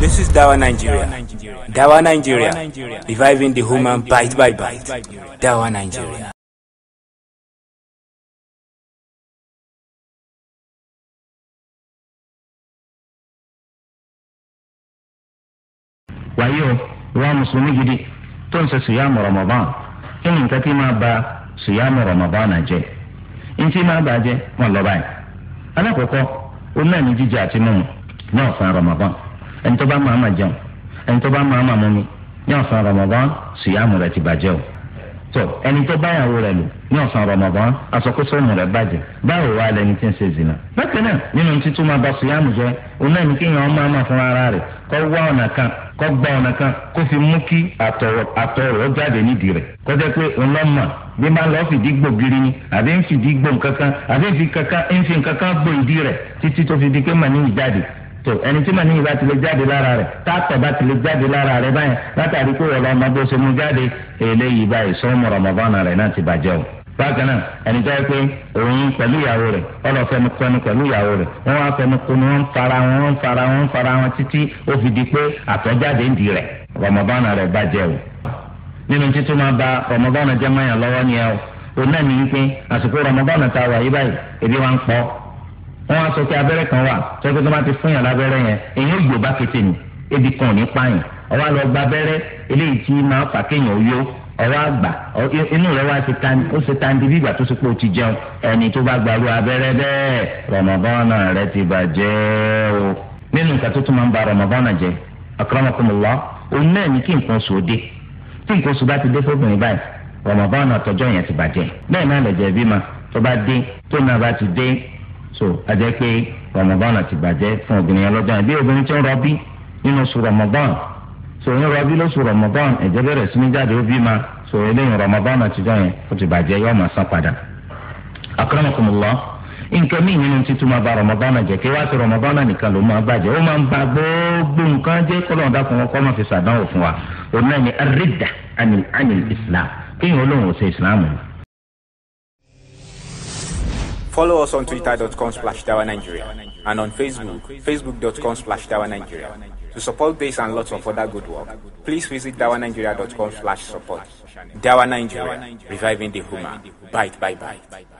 This is Dawa Nigeria. Dawa Nigeria. Reviving the human bite by bite. Dawa Nigeria. wàyí o ìwà mùsùlùmí gidi tó ń ṣe sùyàmù Ramadan kí ni nǹkan tí máa ba sùyàmù Ramadan náà jẹ ntí máa bàjẹ́ wọn lọ báyìí alákọ̀ọ́kọ́ ó náà ní jíjẹ àti mímu ní ọ̀sán Ramadan ẹni tó bá máa ma jẹun ẹni tó bá máa ma mumi ní ọ̀sán Ramadan sùyàmù rẹ̀ ti bàjẹ́ o tó ẹni tó bá yàwó rẹ̀ lò ní ọ̀sán Ramadan asọ̀kósọ́mù rẹ̀ bàjẹ́ báwo wà lẹni tí ń ṣe zina. bákan náà nínú títún máa bá sùyàmù jẹ òun náà ní kí èèyàn máa ma fún ara rẹ̀ kọ́ wá ọ̀nà kan kọ́ gba ọ̀nà kan kó fi mú kí àtọ̀rọ̀ jáde nídìí rẹ̀ kọjá pé ńlọ́mà bí máa lọ́ọ́ fìdí gbògiri ni àbí ń fìdí gbò nkankan àbí ń fi nkankan ń fi nkankan gbò ìdí rẹ̀ títí tó fi di pé màá ní ìjáde tó ẹni tí màníyàn bá ti lè jáde lára rẹ̀ táàtọ̀ bá ti lè jáde lára rẹ̀ báyìí látàrí pé wọ́n lọ ọmọ bó ṣe mú jáde eléyìí báyìí sọ́mọ rọmọbọ́nà rẹ̀ náà ti bàjẹ́ o. bákan náà ẹni tó yẹ pé òun pẹ̀lú ìyàwó rẹ̀ ọlọ́ fẹnu kọnu pẹ̀lú ìyàwó rẹ̀ wọ́n wá fẹnu kunu wọ́n fara wọn fara wọn fara wọn títí ó fi di pé àtọ̀jáde ń di rẹ̀ rọmọbọ́nà rẹ̀ bàjẹ́ o. nínú ba rọmọbọ́nà jẹ́ mọ́yàn lọ́wọ́ ni ẹ o. òun náà ní í pé àsìkò rọmọbọ́nà wọ́n á sọ pé abẹ́rẹ́ kan wà sọ́kè tó máa ti fún yàn lábẹ́rẹ́ yẹn èyí ò gbò bá kété nì ebi kan ò ní pààyàn ọwọ́ àlọ́ gba abẹ́rẹ́ eléyìí tí máa fà kéèyàn ó yó ọwọ́ àgbà inú rẹ̀ wá ó ṣe tandi bí ìgbà tó ṣe pé o ti jẹun ẹni tó bá gbarú abẹ́rẹ́ bẹ́ẹ̀ rọ̀mọ̀bọ́nà rẹ̀ ti bàjẹ́ o nínú nǹkan tó tún máa ń ba rọ̀mọ̀bọ́nà jẹ́ akramakumullah òun náà ní kí nǹkan sòó dé tí nǹkan sòó bá ti dé fóbìnrin báyìí rọ̀mọ̀bọ́nà tọjọ́ yẹn ti bàjẹ́ bẹ́ẹ̀ náà lẹ̀jẹ̀ bímọ tó bá dé tó náà bá ti dé so ajẹ́ pé Ramadan àti bàjẹ́ fún obìnrin yẹn lọ́jọ́ obìnrin tí ń rọbí nínú oṣù Ramadan so ń rọbí lóṣù Ramadan ejebe bẹ̀rẹ̀ sí ní jáde ó bí ma so na Ramadan àtijọ́ yẹn ó ti bàjẹ́ yóò máa san padà. na nǹkan míì nínú títún máa ba Ramadan kí wá sí Ramadan nìkan ló máa ó máa ń ba gbogbo nǹkan jẹ́ kọ́lọ́n dàpọ̀ wọn ma máa fi sàdánwò fún wa Follow us on twitter.com slash Dawa Nigeria and on Facebook, facebook.com slash Dawa Nigeria. To support this and lots of other good work, please visit dawanigeria.com slash support. Dawa Nigeria, reviving the human. Bite, bye, bye.